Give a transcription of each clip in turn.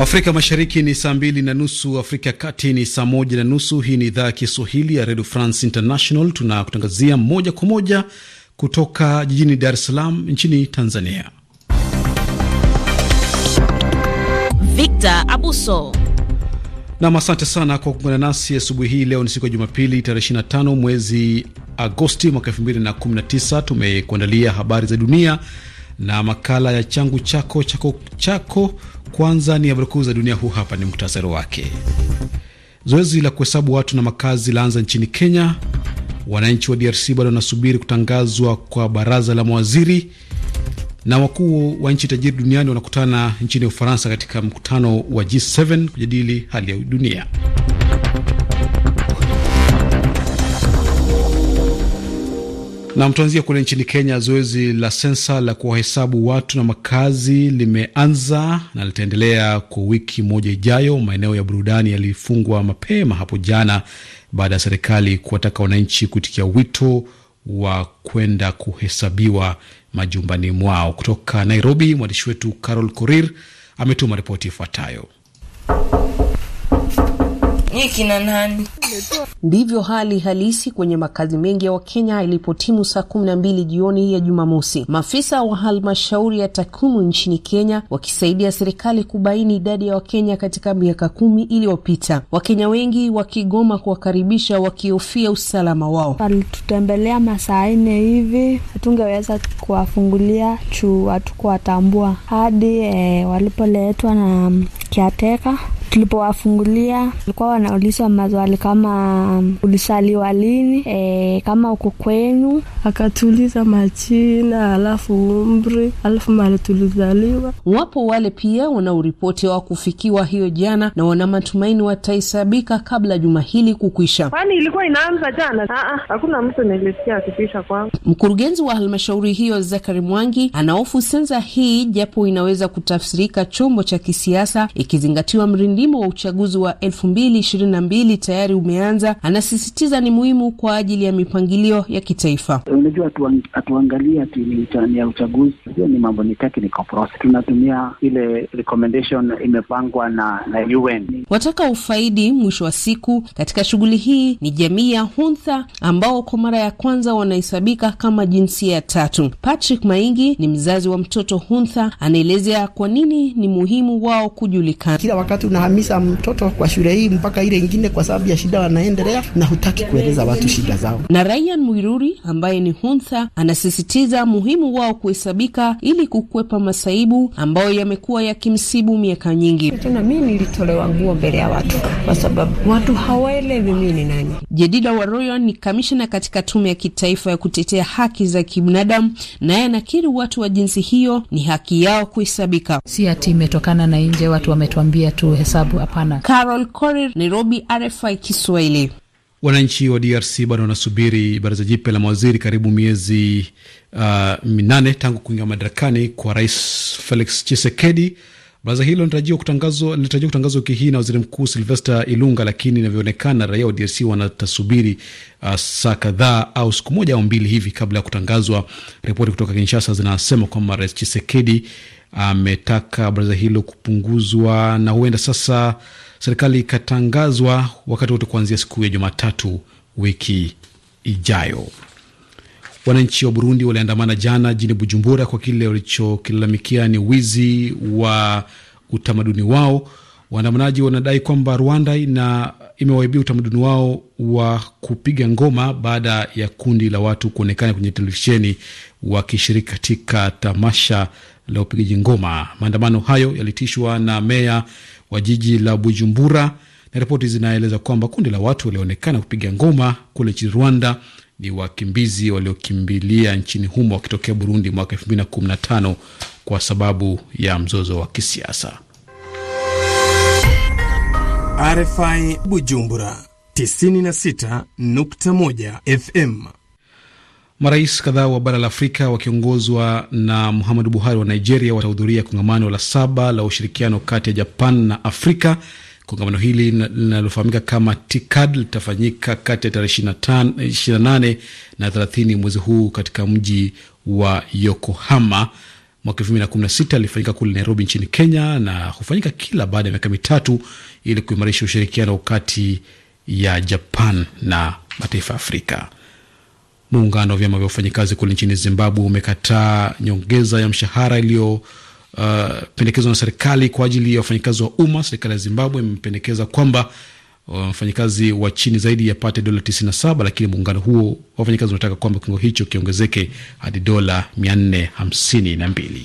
Afrika Mashariki ni saa mbili na nusu, Afrika Kati ni saa moja na nusu. Hii ni idhaa ya Kiswahili ya Redio France International. Tunakutangazia moja kwa moja kutoka jijini Dar es Salaam nchini Tanzania. Victor Abuso nam, asante sana kwa kuungana nasi asubuhi hii. Leo ni siku ya Jumapili, tarehe 25 mwezi Agosti mwaka 2019. Tumekuandalia habari za dunia na makala ya changu chako chako chako kwanza ni habari kuu za dunia, huu hapa ni muktasari wake. Zoezi la kuhesabu watu na makazi laanza nchini Kenya. Wananchi wa DRC bado wanasubiri kutangazwa kwa baraza la mawaziri. Na wakuu wa nchi tajiri duniani wanakutana nchini Ufaransa katika mkutano wa G7 kujadili hali ya dunia. Nam, tuanzia kule nchini Kenya. Zoezi la sensa la kuwahesabu watu na makazi limeanza na litaendelea kwa wiki moja ijayo. Maeneo ya burudani yalifungwa mapema hapo jana baada ya serikali kuwataka wananchi kuitikia wito wa kwenda kuhesabiwa majumbani mwao. Kutoka Nairobi, mwandishi wetu Carol Korir ametuma ripoti ifuatayo kina nani? Ndivyo hali halisi kwenye makazi mengi ya Wakenya ilipotimu saa kumi na mbili jioni ya Jumamosi, maafisa wa halmashauri ya takwimu nchini Kenya wakisaidia serikali kubaini idadi ya Wakenya katika miaka kumi iliyopita, Wakenya wengi wakigoma kuwakaribisha wakihofia usalama wao. Walitutembelea masaa nne hivi, hatungeweza kuwafungulia chuu kuwatambua hadi e, walipoletwa na kiateka Tulipowafungulia walikuwa wanaulizwa maswali kama ulisaliwa lini, e, kama uko kwenu, akatuuliza majina, alafu umri, alafu mali tulizaliwa. Wapo wale pia wanaoripoti wa kufikiwa hiyo jana na wana matumaini wataisabika kabla juma hili kukwisha, kwani ilikuwa inaanza jana. Ah, ah, hakuna mtu nilisikia akipisha kwangu. Mkurugenzi wa halmashauri hiyo Zakari Mwangi anahofu sensa hii japo inaweza kutafsirika chombo cha kisiasa ikizingatiwa mrind mlimo wa uchaguzi wa 2022 tayari umeanza, anasisitiza ni muhimu kwa ajili ya mipangilio ya kitaifa. Unajua, hatuangalia ati ya uchaguzi, hiyo ni mambo ni technical process. Tunatumia ile recommendation imepangwa na, na UN. Wataka ufaidi mwisho wa siku katika shughuli hii ni jamii ya Huntha ambao kwa mara ya kwanza wanahesabika kama jinsia ya tatu. Patrick Maingi ni mzazi wa mtoto Huntha, anaelezea kwa nini ni muhimu wao kujulikana kila wakati una wanahamisha mtoto kwa shule hii mpaka ile ingine, kwa sababu ya shida wanaendelea na hutaki kueleza watu shida zao. Na Ryan Mwiruri ambaye ni hunsa anasisitiza muhimu wao kuhesabika ili kukwepa masaibu ambayo yamekuwa yakimsibu miaka nyingi. Tena mimi nilitolewa nguo mbele ya watu kwa sababu watu hawaelewi mimi ni nani. Jedida Waroyo ni kamishna katika tume ya kitaifa ya kutetea haki za kibinadamu, naye anakiri watu wa jinsi hiyo ni haki yao kuhesabika. Si ati imetokana na nje, watu wametuambia tu hesabu sababu hapana. Carol Korir, Nairobi, RFI Kiswahili. Wananchi wa DRC bado wanasubiri baraza jipya la mawaziri karibu miezi uh, minane tangu kuingia madarakani kwa rais Felix Chisekedi. Baraza hilo linatarajiwa kutangazwa wiki hii na waziri mkuu Silvester Ilunga, lakini inavyoonekana raia wa DRC wanatasubiri uh, saa kadhaa au siku moja au mbili hivi kabla ya kutangazwa. Ripoti kutoka Kinshasa zinasema kwamba rais Tshisekedi ametaka baraza hilo kupunguzwa na huenda sasa serikali ikatangazwa wakati wote kuanzia siku ya Jumatatu wiki ijayo. Wananchi wa Burundi waliandamana jana jini Bujumbura kwa kile walichokilalamikia ni wizi wa utamaduni wao. Waandamanaji wanadai kwamba Rwanda ina imewaibia utamaduni wao wa kupiga ngoma baada ya kundi la watu kuonekana kwenye televisheni wakishiriki katika tamasha la upigaji ngoma. Maandamano hayo yalitishwa na meya wa jiji la Bujumbura, na ripoti zinaeleza kwamba kundi la watu walioonekana kupiga ngoma kule nchini Rwanda ni wakimbizi waliokimbilia nchini humo wakitokea Burundi mwaka tano kwa sababu ya mzozo wa kisiasa. RFI Bujumbura 96.1 FM Marais kadhaa wa bara la Afrika wakiongozwa na Muhammadu Buhari wa Nigeria watahudhuria kongamano la saba la ushirikiano kati ya Japan na Afrika. Kongamano hili linalofahamika kama TICAD litafanyika kati ya tarehe 28 na 30 mwezi huu katika mji wa Yokohama. Mwaka sita alifanyika kule Nairobi nchini Kenya na hufanyika kila baada ya miaka mitatu ili kuimarisha ushirikiano kati ya Japan na mataifa ya Afrika. Muungano wa vyama vya wafanyakazi kule nchini Zimbabwe umekataa nyongeza ya mshahara iliyo Uh, na serikali kwa ajili ya wafanyakazi wa umma. Serikali ya Zimbabwe imependekeza kwamba uh, wafanyakazi wa chini zaidi yapate dola 97, lakini muungano huo wafanyakazi unataka kwamba kiwango hicho kiongezeke hadi dola 452.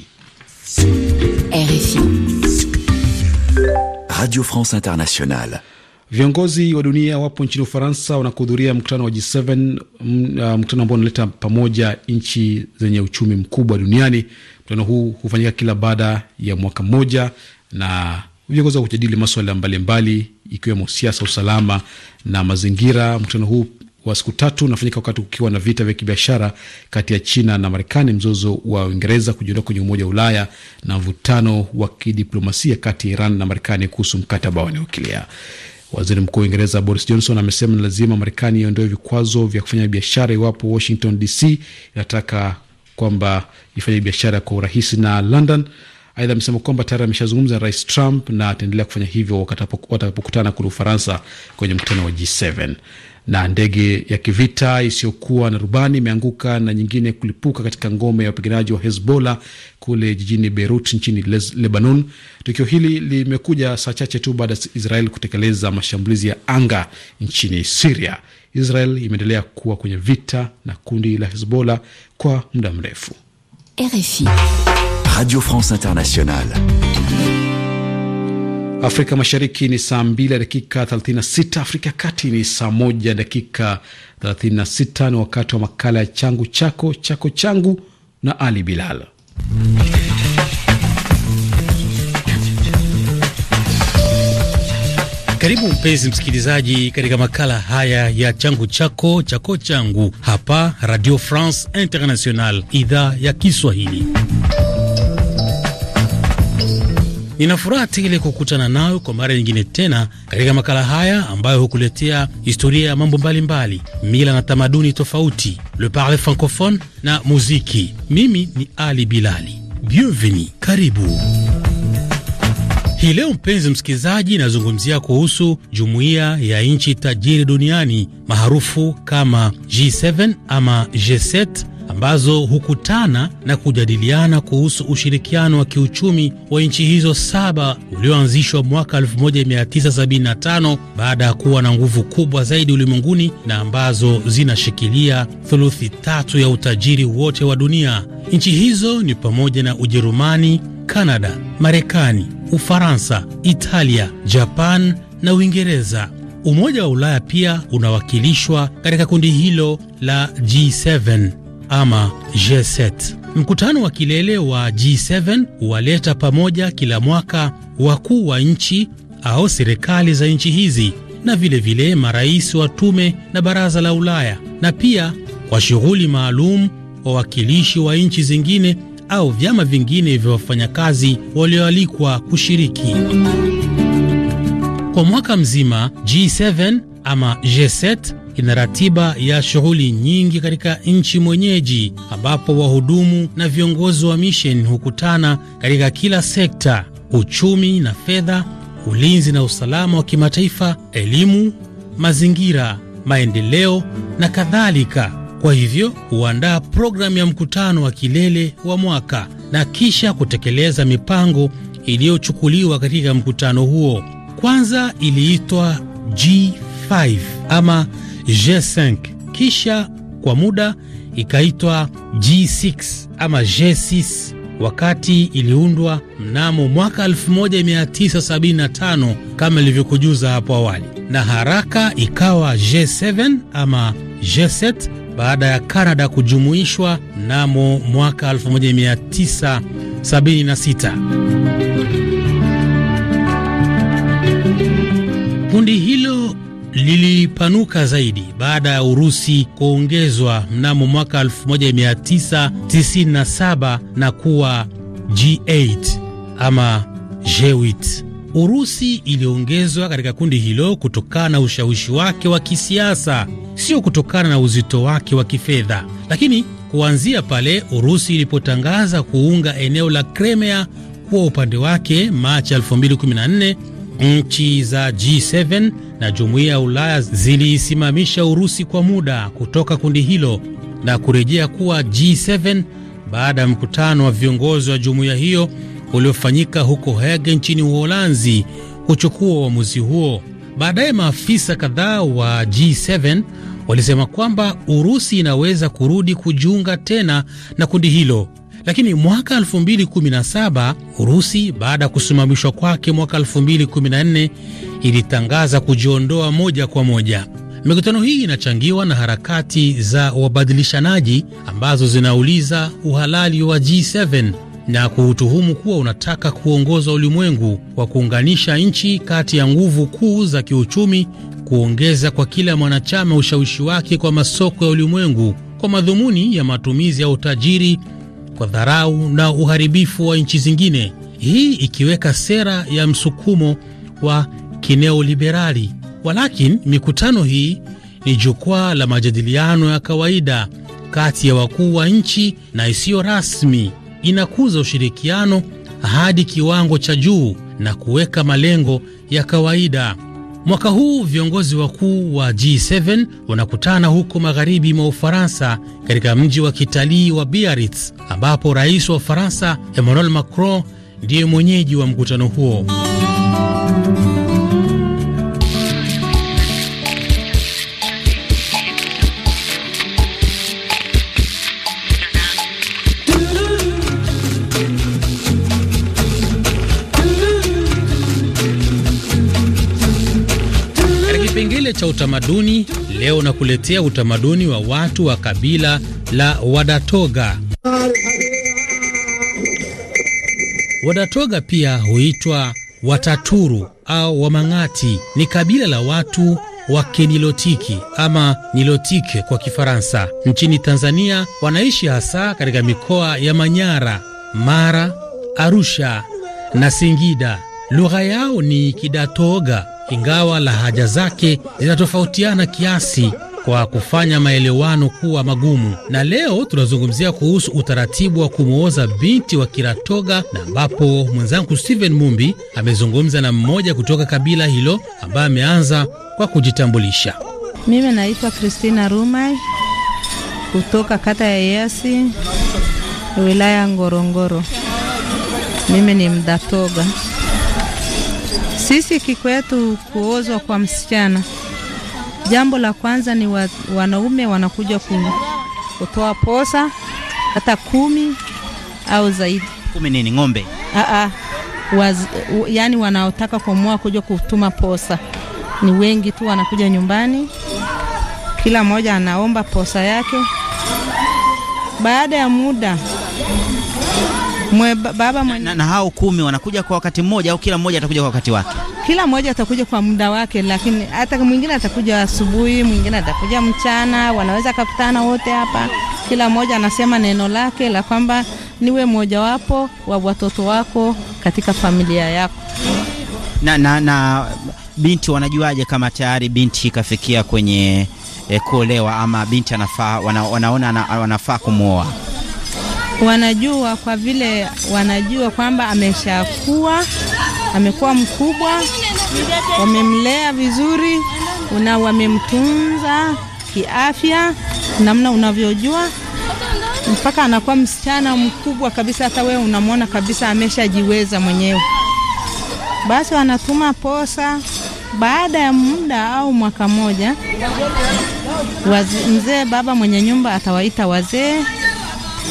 Radio France Internationale. Viongozi wa dunia wapo nchini Ufaransa wanakuhudhuria mkutano wa G7, mm, uh, mkutano ambao unaleta pamoja nchi zenye uchumi mkubwa duniani. Mkutano huu hufanyika kila baada ya mwaka mmoja na viongozi wa kujadili maswala mbalimbali ikiwemo siasa, usalama na mazingira. Mkutano huu wa siku tatu unafanyika wakati kukiwa na vita vya kibiashara kati ya China na Marekani, mzozo wa Uingereza kujiondoa kwenye Umoja wa Ulaya na mvutano wa kidiplomasia kati ya Iran na Marekani kuhusu mkataba wa nyuklia. Waziri Mkuu wa Uingereza Boris Johnson amesema ni lazima Marekani iondoe vikwazo vya kufanya biashara iwapo Washington DC inataka kwamba ifanye biashara kwa urahisi na London. Aidha, amesema kwamba tayari ameshazungumza na Rais Trump na ataendelea kufanya hivyo watakapokutana kule Ufaransa kwenye mkutano wa G7. Na ndege ya kivita isiyokuwa na rubani imeanguka na nyingine kulipuka katika ngome ya wapiganaji wa Hezbollah kule jijini Beirut nchini Lez, Lebanon. Tukio hili limekuja saa chache tu baada ya Israel kutekeleza mashambulizi ya anga nchini Siria. Israel imeendelea kuwa kwenye vita na kundi la Hezbollah kwa muda mrefu. RFI Radio France Internationale Afrika Mashariki ni saa 2 dakika 36, Afrika ya Kati ni saa 1 dakika 36. Ni wakati wa makala ya changu chako chako changu na Ali Bilal. Karibu mpenzi msikilizaji, katika makala haya ya changu chako chako changu hapa Radio France International, idhaa ya Kiswahili. Nina furaha tele kukutana nawe kwa mara nyingine tena katika makala haya ambayo hukuletea historia ya mambo mbalimbali, mila na tamaduni tofauti, le parle francophone na muziki. Mimi ni Ali Bilali. bienveni karibu. Hii leo mpenzi msikilizaji, inazungumzia kuhusu jumuiya ya nchi tajiri duniani maarufu kama G7 ama G7 ambazo hukutana na kujadiliana kuhusu ushirikiano wa kiuchumi wa nchi hizo saba ulioanzishwa mwaka 1975 baada ya kuwa na nguvu kubwa zaidi ulimwenguni na ambazo zinashikilia thuluthi tatu ya utajiri wote wa dunia. Nchi hizo ni pamoja na Ujerumani, Kanada, Marekani, Ufaransa, Italia, Japan na Uingereza. Umoja wa Ulaya pia unawakilishwa katika kundi hilo la G7 ama G7. Mkutano wa kilele wa G7 huwaleta pamoja kila mwaka wakuu wa nchi au serikali za nchi hizi na vilevile vile marais wa tume na baraza la Ulaya na pia kwa shughuli maalum wawakilishi wa nchi zingine au vyama vingine vya wafanyakazi walioalikwa kushiriki kwa mwaka mzima. G7 ama G7 ina ratiba ya shughuli nyingi katika nchi mwenyeji, ambapo wahudumu na viongozi wa misheni hukutana katika kila sekta: uchumi na fedha, ulinzi na usalama wa kimataifa, elimu, mazingira, maendeleo na kadhalika. Kwa hivyo huandaa programu ya mkutano wa kilele wa mwaka na kisha kutekeleza mipango iliyochukuliwa katika mkutano huo. Kwanza iliitwa G5 ama G5 kisha kwa muda ikaitwa G6 ama G6 wakati iliundwa mnamo mwaka 1975 kama ilivyokujuza hapo awali, na haraka ikawa G7 ama G7 baada ya Kanada kujumuishwa mnamo mwaka 1976. lilipanuka zaidi baada ya Urusi kuongezwa mnamo mwaka 1997 na kuwa G8 ama G8. Urusi iliongezwa katika kundi hilo kutokana na ushawishi wake wa kisiasa, sio kutokana na uzito wake wa kifedha. Lakini kuanzia pale Urusi ilipotangaza kuunga eneo la Crimea kuwa upande wake Machi 2014, nchi za G7 na jumuiya ya Ulaya ziliisimamisha Urusi kwa muda kutoka kundi hilo na kurejea kuwa G7 baada ya mkutano wa viongozi wa jumuiya hiyo uliofanyika huko Hague nchini Uholanzi kuchukua uamuzi huo. Baadaye maafisa kadhaa wa G7 walisema kwamba Urusi inaweza kurudi kujiunga tena na kundi hilo lakini mwaka 2017 Urusi, baada ya kusimamishwa kwake mwaka 2014, ilitangaza kujiondoa moja kwa moja. Mikutano hii inachangiwa na harakati za wabadilishanaji ambazo zinauliza uhalali wa G7 na kuutuhumu kuwa unataka kuongoza ulimwengu kwa kuunganisha nchi kati ya nguvu kuu za kiuchumi, kuongeza kwa kila mwanachama ushawishi wake kwa masoko ya ulimwengu kwa madhumuni ya matumizi ya utajiri kwa dharau na uharibifu wa nchi zingine, hii ikiweka sera ya msukumo wa kineoliberali. Walakin mikutano hii ni jukwaa la majadiliano ya kawaida kati ya wakuu wa nchi na isiyo rasmi, inakuza ushirikiano hadi kiwango cha juu na kuweka malengo ya kawaida. Mwaka huu viongozi wakuu wa G7 wanakutana huko magharibi mwa Ufaransa katika mji wa kitalii wa Biarritz ambapo rais wa Ufaransa Emmanuel Macron ndiye mwenyeji wa mkutano huo. cha utamaduni leo nakuletea utamaduni wa watu wa kabila la Wadatoga. Wadatoga pia huitwa Wataturu au Wamang'ati, ni kabila la watu wa Kenilotiki ama Nilotike kwa Kifaransa. Nchini Tanzania wanaishi hasa katika mikoa ya Manyara, Mara, Arusha na Singida. Lugha yao ni Kidatoga ingawa lahaja zake zinatofautiana kiasi kwa kufanya maelewano kuwa magumu. Na leo tunazungumzia kuhusu utaratibu wa kumwoza binti wa Kiratoga, na ambapo mwenzangu Steven Mumbi amezungumza na mmoja kutoka kabila hilo ambaye ameanza kwa kujitambulisha. Mimi naitwa Kristina Rumai kutoka kata ya Yasi, wilaya Ngorongoro. Mimi ni Mdatoga. Sisi kikwetu, kuozwa kwa msichana, jambo la kwanza ni wa, wanaume wanakuja kutoa posa hata kumi au zaidi. Kumi nini? Ng'ombe? Aa, ah, ah. waz, yani wanaotaka kuamua kuja kutuma posa ni wengi tu, wanakuja nyumbani, kila mmoja anaomba posa yake. Baada ya muda mwe, baba mwenye... na, na hao kumi wanakuja kwa wakati mmoja au kila mmoja atakuja kwa wakati wake? kila mmoja atakuja kwa muda wake, lakini hata mwingine atakuja asubuhi, mwingine atakuja mchana, wanaweza kukutana wote hapa, kila mmoja anasema neno lake la kwamba niwe mmojawapo wa watoto wako katika familia yako. Na, na, na binti wanajuaje kama tayari binti ikafikia kwenye e, kuolewa ama binti anafaa, wana, wanaona wanafaa kumwoa? Wanajua kwa vile wanajua kwamba ameshakuwa amekuwa mkubwa, wamemlea vizuri una wamemtunza kiafya, namna unavyojua mpaka anakuwa msichana mkubwa kabisa, hata wewe unamwona kabisa ameshajiweza mwenyewe. Basi wanatuma posa baada ya muda au mwaka mmoja, mzee baba mwenye nyumba atawaita wazee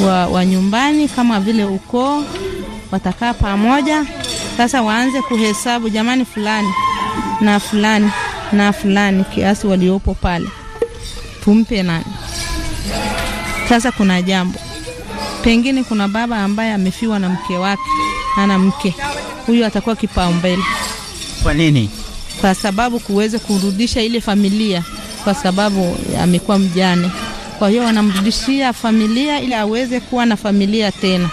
wa, wa nyumbani kama vile ukoo, watakaa pamoja sasa waanze kuhesabu jamani, fulani na fulani na fulani, kiasi waliopo pale tumpe nani. Sasa kuna jambo pengine, kuna baba ambaye amefiwa na mke wake, ana mke huyu atakuwa kipaumbele. Kwa nini? Kwa sababu kuweze kurudisha ile familia, kwa sababu amekuwa mjane. Kwa hiyo wanamrudishia familia ili aweze kuwa na familia tena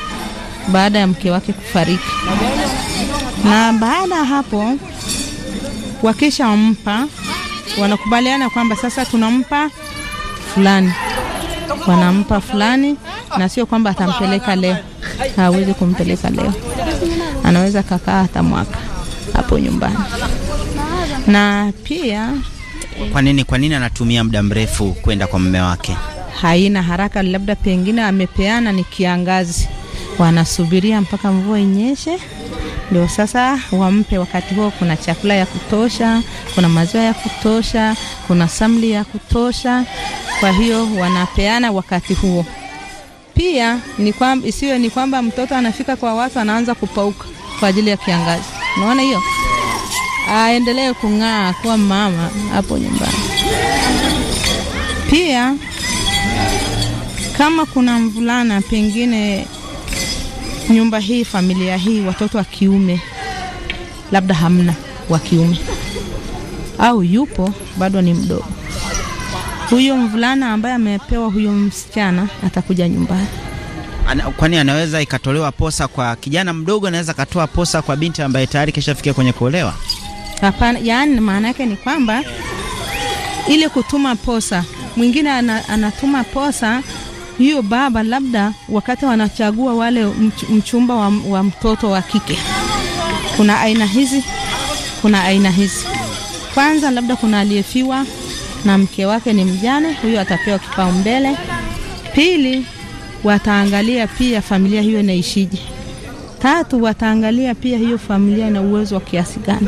baada ya mke wake kufariki na baada ya hapo wampa wanakubaliana kwamba sasa tunampa fulani, wanampa fulani, na sio kwamba atampeleka leo. Hawezi kumpeleka leo, anaweza kakaa hata mwaka hapo nyumbani. Na pia kwa nini, kwa nini anatumia muda mrefu kwenda kwa mume wake? Haina haraka, labda pengine amepeana, ni kiangazi, wanasubiria mpaka mvua inyeshe ndio sasa wampe wakati huo. Kuna chakula ya kutosha, kuna maziwa ya kutosha, kuna samli ya kutosha. Kwa hiyo wanapeana wakati huo. Pia ni kwamba isiwe ni kwamba mtoto anafika kwa watu anaanza kupauka kwa ajili ya kiangazi. Unaona hiyo, aendelee kung'aa kuwa mama hapo nyumbani. Pia kama kuna mvulana pengine nyumba hii, familia hii, watoto wa kiume labda hamna wa kiume, au yupo bado ni mdogo. Huyo mvulana ambaye amepewa huyo msichana atakuja nyumbani. Ana, kwani anaweza ikatolewa posa kwa kijana mdogo, anaweza akatoa posa kwa binti ambaye tayari kishafikia kwenye kuolewa? Hapana, yaani maana yake ni kwamba ile kutuma posa, mwingine ana, anatuma posa hiyo baba labda wakati wanachagua wale mchumba wa, wa mtoto wa kike, kuna aina hizi, kuna aina hizi. Kwanza labda kuna aliyefiwa na mke wake ni mjane, huyo atapewa kipaumbele. Pili, wataangalia pia familia hiyo inaishije. Tatu, wataangalia pia hiyo familia ina uwezo wa kiasi gani,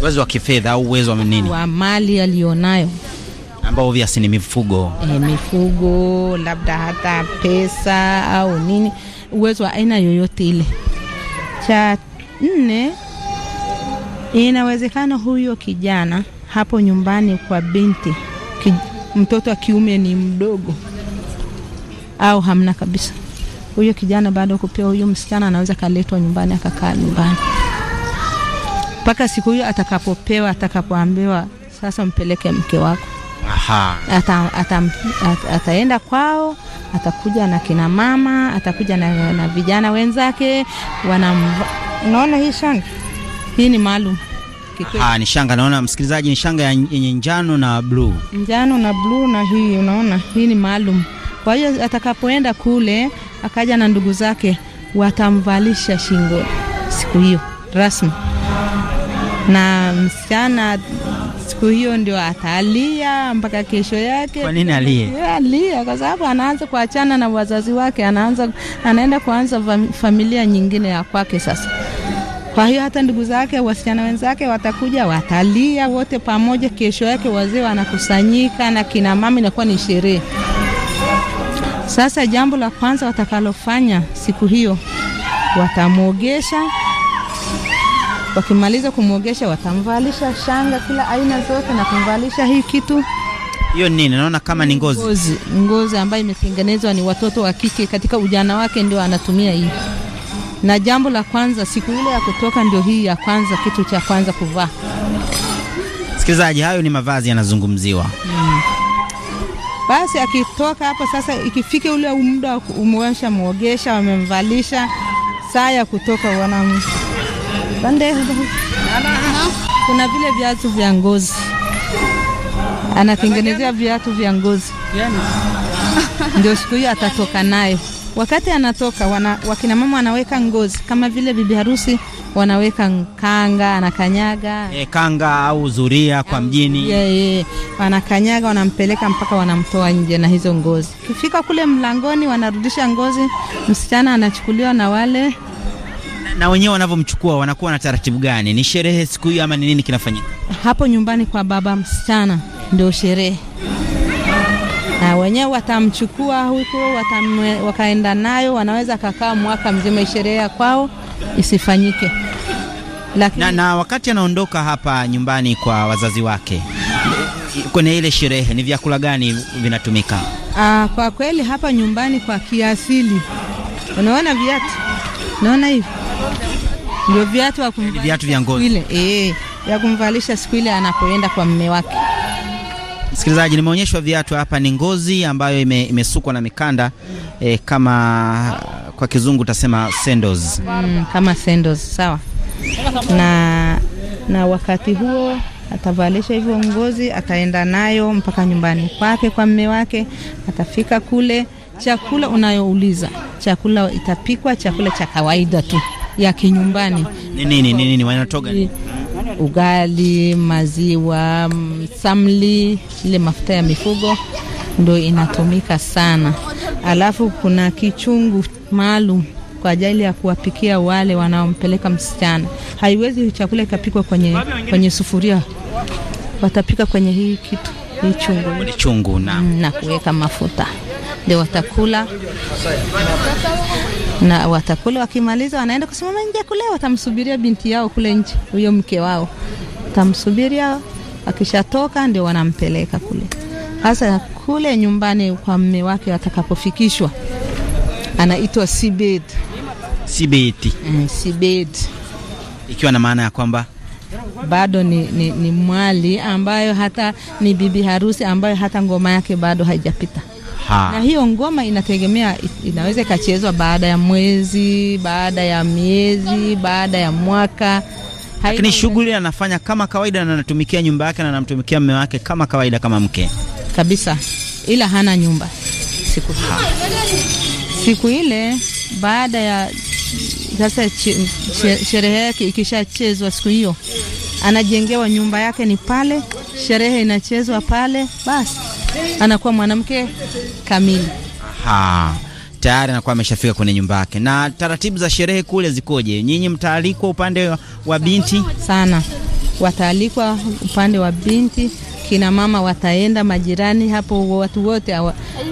uwezo wa kifedha au uwezo wa nini, wa mali aliyonayo ambao obviously ni mifugo e, mifugo labda hata pesa au nini, uwezo wa aina yoyote ile. Cha nne, inawezekana huyo kijana hapo nyumbani kwa binti ki, mtoto wa kiume ni mdogo au hamna kabisa, huyo kijana bado kupewa, huyo msichana anaweza kaletwa nyumbani akakaa nyumbani mpaka siku hiyo atakapopewa, atakapoambiwa sasa mpeleke mke wako Aha. Ata, ata, ata, ataenda kwao, atakuja na kina mama, atakuja na, na vijana wenzake wanam... Unaona hii shanga hii ni maalum Ah, ni shanga naona msikilizaji, ni shanga yenye njano na bluu, njano na bluu, na hii unaona hii ni maalum. Kwa hiyo atakapoenda kule akaja na ndugu zake, watamvalisha shingo siku hiyo rasmi, na msichana siku hiyo ndio atalia mpaka kesho yake. Kwa nini alie? Yeah, alia kwa sababu anaanza kuachana na wazazi wake, anaanza anaenda kuanza familia nyingine ya kwake sasa. Kwa hiyo hata ndugu zake, wasichana wenzake watakuja, watalia wote pamoja. Kesho yake wazee wanakusanyika na kina mama, inakuwa ni sherehe. Sasa jambo la kwanza watakalofanya siku hiyo watamwogesha Wakimaliza kumwogesha, watamvalisha shanga kila aina zote na kumvalisha hii kitu hiyo nini, naona kama ni ngozi ngozi, ngozi ambayo imetengenezwa ni watoto wa kike, katika ujana wake ndio anatumia hii. Na jambo la kwanza siku ile ya kutoka, ndio hii ya kwanza, kitu cha kwanza kuvaa. Msikilizaji, hayo ni mavazi yanazungumziwa. hmm. Basi akitoka hapo sasa, ikifika ule muda kumwosha mwogesha, wamemvalisha saa ya kutoka, wanamu Bande. Kuna vile viatu vya ngozi anatengenezea viatu vya ngozi yaani? ndio siku hiyo atatoka naye Wakati anatoka wana, wakina mama wanaweka ngozi kama vile bibi harusi wanaweka kanga, anakanyaga e, kanga au zuria kwa mjini yeah, yeah. Wanakanyaga, wanampeleka mpaka wanamtoa nje na hizo ngozi. Kifika kule mlangoni, wanarudisha ngozi, msichana anachukuliwa na wale na wenyewe wanavyomchukua wanakuwa na taratibu gani? Ni sherehe siku hiyo ama ni nini kinafanyika hapo nyumbani kwa baba msichana? Ndio sherehe na wenyewe watamchukua huko wakaenda nayo, wanaweza kakaa mwaka mzima, sherehe ya kwao isifanyike. Lakini... na, na wakati anaondoka hapa nyumbani kwa wazazi wake kwenye ile sherehe ni vyakula gani vinatumika? Aa, ah, kwa kweli hapa nyumbani kwa kiasili, unaona viatu, unaona hivi ndio viatu vya kumvalisha viatu vya ngozi ile eh, ya kumvalisha siku ile anapoenda kwa mume wake. Msikilizaji, nimeonyeshwa viatu hapa, ni ngozi ambayo ime, imesukwa na mikanda e, kama kwa kizungu utasema sandals. Mm, kama sandals sawa. Na, na wakati huo atavalisha hivyo ngozi, ataenda nayo mpaka nyumbani kwake kwa mume wake. Atafika kule, chakula unayouliza, chakula itapikwa chakula cha kawaida tu ya kinyumbani. Ni nini ni nini wanatoga nini? Ugali, maziwa, samli, ile mafuta ya mifugo ndo inatumika sana. Alafu kuna kichungu maalum kwa ajili ya kuwapikia wale wanaompeleka msichana. Haiwezi chakula ikapikwa kwenye, kwenye sufuria, watapika kwenye hii kitu hii chungu, chungu na, na kuweka mafuta ndio watakula na watakula, wakimaliza wanaenda kusimama nje kule, watamsubiria binti yao kule nje, huyo mke wao watamsubiria, akishatoka ndio wanampeleka kule. Sasa kule nyumbani kwa mme wake atakapofikishwa, anaitwa sibed. sibed, Mm, sibed ikiwa na maana ya kwamba bado ni, ni, ni mwali ambayo hata ni bibi harusi ambayo hata ngoma yake bado haijapita. Aha. Na hiyo ngoma inategemea, inaweza ikachezwa baada ya mwezi, baada ya miezi, baada ya mwaka lakini shughuli anafanya kama kawaida, na anatumikia nyumba yake na anamtumikia mume wake kama kawaida, kama mke kabisa, ila hana nyumba siku ha. Siku ile baada ya sasa sherehe yake ikishachezwa siku hiyo, anajengewa nyumba yake ni pale, sherehe inachezwa pale, basi anakuwa mwanamke kamili. Aha, tayari anakuwa ameshafika kwenye nyumba yake. Na taratibu za sherehe kule zikoje? Nyinyi mtaalikwa upande wa binti sana, wataalikwa upande wa binti kina mama wataenda, majirani hapo, watu wote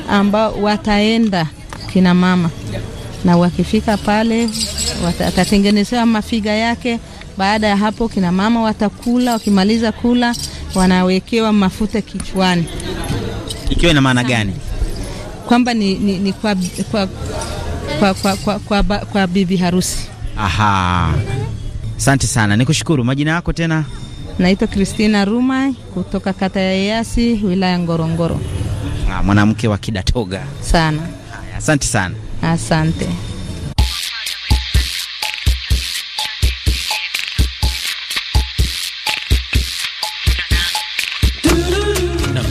ambao wataenda kina mama na wakifika pale watatengenezewa mafiga yake. Baada ya hapo, kina mama watakula, wakimaliza kula wanawekewa mafuta kichwani, ikiwa ina maana gani? Kwamba ni, ni, ni kwa, kwa, kwa, kwa, kwa, kwa, kwa, kwa bibi harusi. Aha, asante sana, nikushukuru. Majina yako tena? Naitwa Kristina Ruma kutoka kata ya easi wilaya Ngorongoro. Ah, mwanamke wa kidatoga sana. Asante sana. Asante.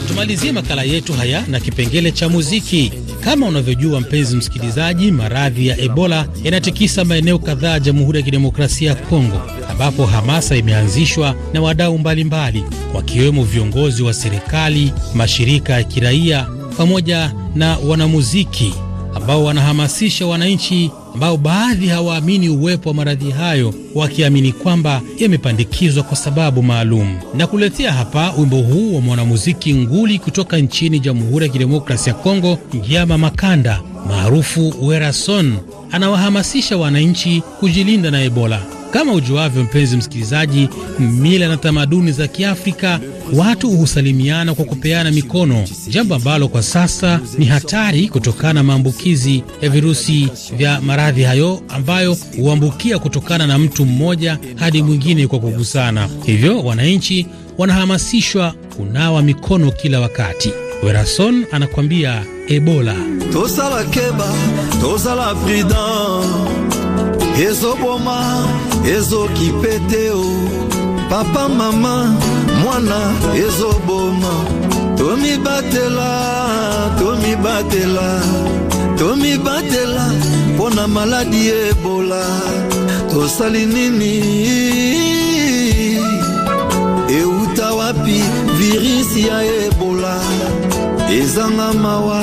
Tumalizie makala yetu haya na kipengele cha muziki. Kama unavyojua mpenzi msikilizaji, maradhi ya Ebola yanatikisa maeneo kadhaa ya Jamhuri ya Kidemokrasia ya Kongo, ambapo hamasa imeanzishwa na wadau mbalimbali, wakiwemo viongozi wa serikali, mashirika ya kiraia pamoja na wanamuziki ambao wanahamasisha wananchi ambao baadhi hawaamini uwepo wa maradhi hayo, wakiamini kwamba yamepandikizwa kwa sababu maalum. Na kuletea hapa wimbo huu wa mwanamuziki nguli kutoka nchini Jamhuri ya Kidemokrasi ya Kongo, Ngiama Makanda maarufu Werason, anawahamasisha wananchi kujilinda na Ebola. Kama ujuavyo, mpenzi msikilizaji, mila na tamaduni za Kiafrika watu husalimiana kwa kupeana mikono, jambo ambalo kwa sasa ni hatari kutokana na maambukizi ya virusi vya maradhi hayo ambayo huambukia kutokana na mtu mmoja hadi mwingine kwa kugusana. Hivyo wananchi wanahamasishwa kunawa mikono kila wakati. Werason anakwambia Ebola keba ezoboma ezokipeteo papa mama mwana ezoboma tomibatela tomibatela tomibatela mpo na maladi ebola tosali nini euta wapi virisi ya ebola ezanga mawa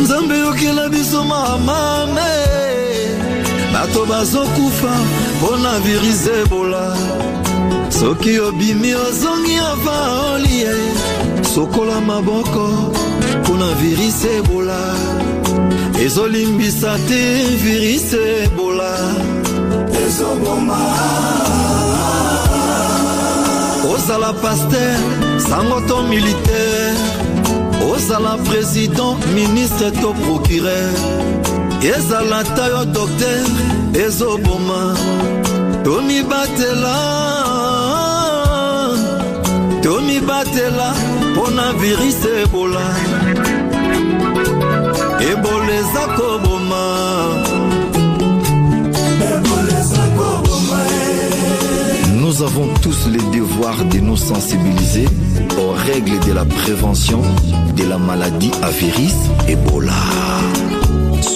nzambe yokela biso mamame bato bazokufa mpona virus ebola soki obimi ozongi ava olie sokola maboko mpona virus ebola ezolimbisa te virus ebola ezoboma ozala paster sango to militaire ozala président ministre to procureur ezala ta yo dokter ezoboma tomibatela tomibatela mpo na virus ebola ebola eza koboma Nous avons tous le devoir de nous sensibiliser aux règles de la prévention de la maladie à virus Ebola.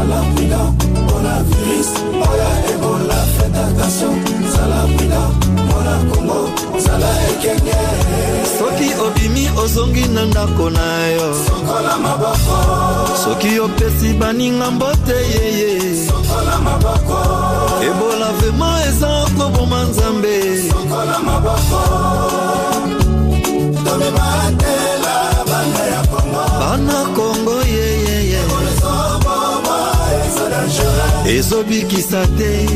zala mwinda mpona virus oya ebola fedatation zala mwinda mpona kongo zala ekenge soki obimi ozongi na ndako na yo sokola maboko soki opesi baninga mbote yeye sokola maboko ebola vrema eza koboma nzambe sokola maboko tomema te la banda ya kongo ezobikisa te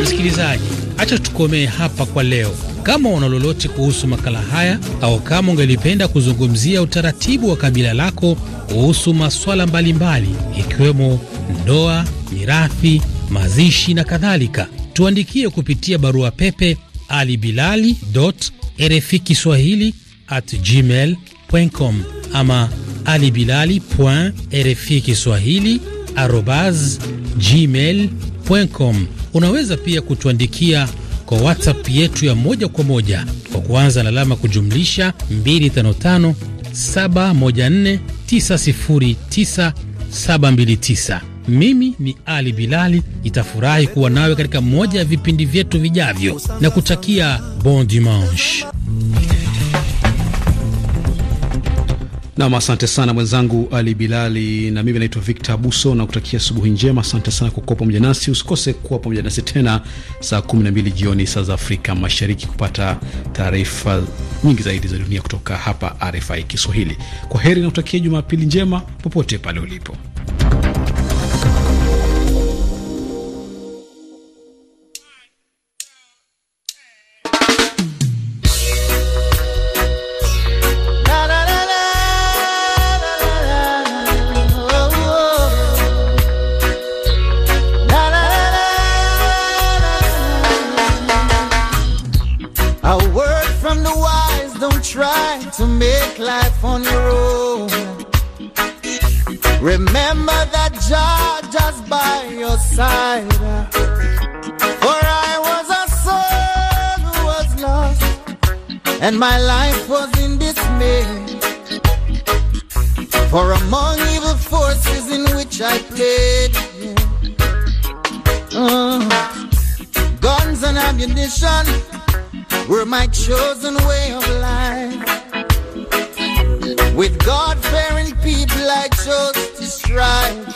msikilizaji hacha tukomee hapa kwa leo kama una lolote kuhusu makala haya au kama ungelipenda kuzungumzia utaratibu wa kabila lako kuhusu maswala mbalimbali ikiwemo ndoa, mirathi, mazishi na kadhalika, tuandikie kupitia barua pepe ali Bilali RFI Kiswahili at ama Ali Bilali RFI Kiswahili arobas gmail.com. Unaweza pia kutuandikia kwa WhatsApp yetu ya moja kwa moja kwa kuanza na alama kujumlisha 255 714 909 729. Mimi ni Ali Bilali, itafurahi kuwa nawe katika moja ya vipindi vyetu vijavyo, na kutakia bon dimanche. Nam, asante sana mwenzangu Ali Bilali. Na mimi naitwa Victor Abuso na kutakia asubuhi njema. Asante sana kwa kuwa pamoja nasi. Usikose kuwa pamoja nasi tena saa 12 jioni saa za Afrika Mashariki kupata taarifa nyingi zaidi za dunia kutoka hapa RFI Kiswahili. Kwa heri na kutakia Jumapili njema popote pale ulipo. A word from the wise, don't try to make life on your own. Remember that Jah just by your side. For I was a soul who was lost, and my life was in dismay. For among evil forces in which I played, uh, guns and ammunition were my chosen way of life. With God-fearing people, I chose to strive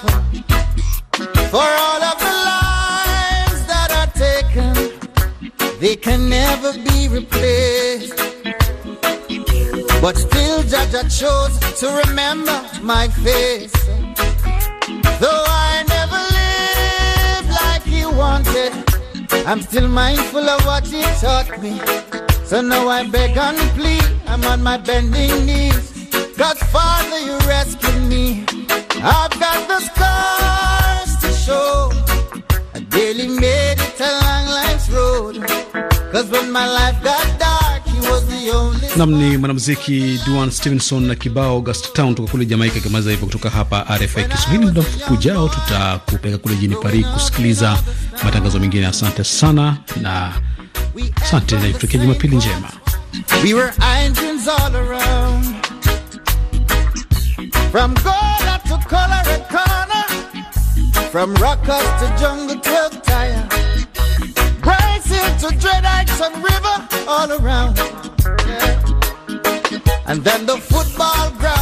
for all of the lives that are taken. They can never be replaced. But still, Judge, I chose to remember my face. Though I I'm still mindful of what he taught me. So now I beg and plead, I'm on my bending knees. God, Father, you rescued me. I've got the scars to show. I barely made it a long life's road. Cause when my life got dark, nam ni mwanamuziki Duan Stevenson na kibao Ghost Town kutoka kule Jamaika. Kimaliza hivyo kutoka hapa RFI Kiswahili. Muda mfupi ujao, tutakupeleka kule jini Paris kusikiliza matangazo mengine. Asante sana na asante na kutokea Jumapili njema. We were angels all around. From Gola to from Rockers to Jungle Tire. Seed to Dreadites and River all around. Yeah. And then the football ground.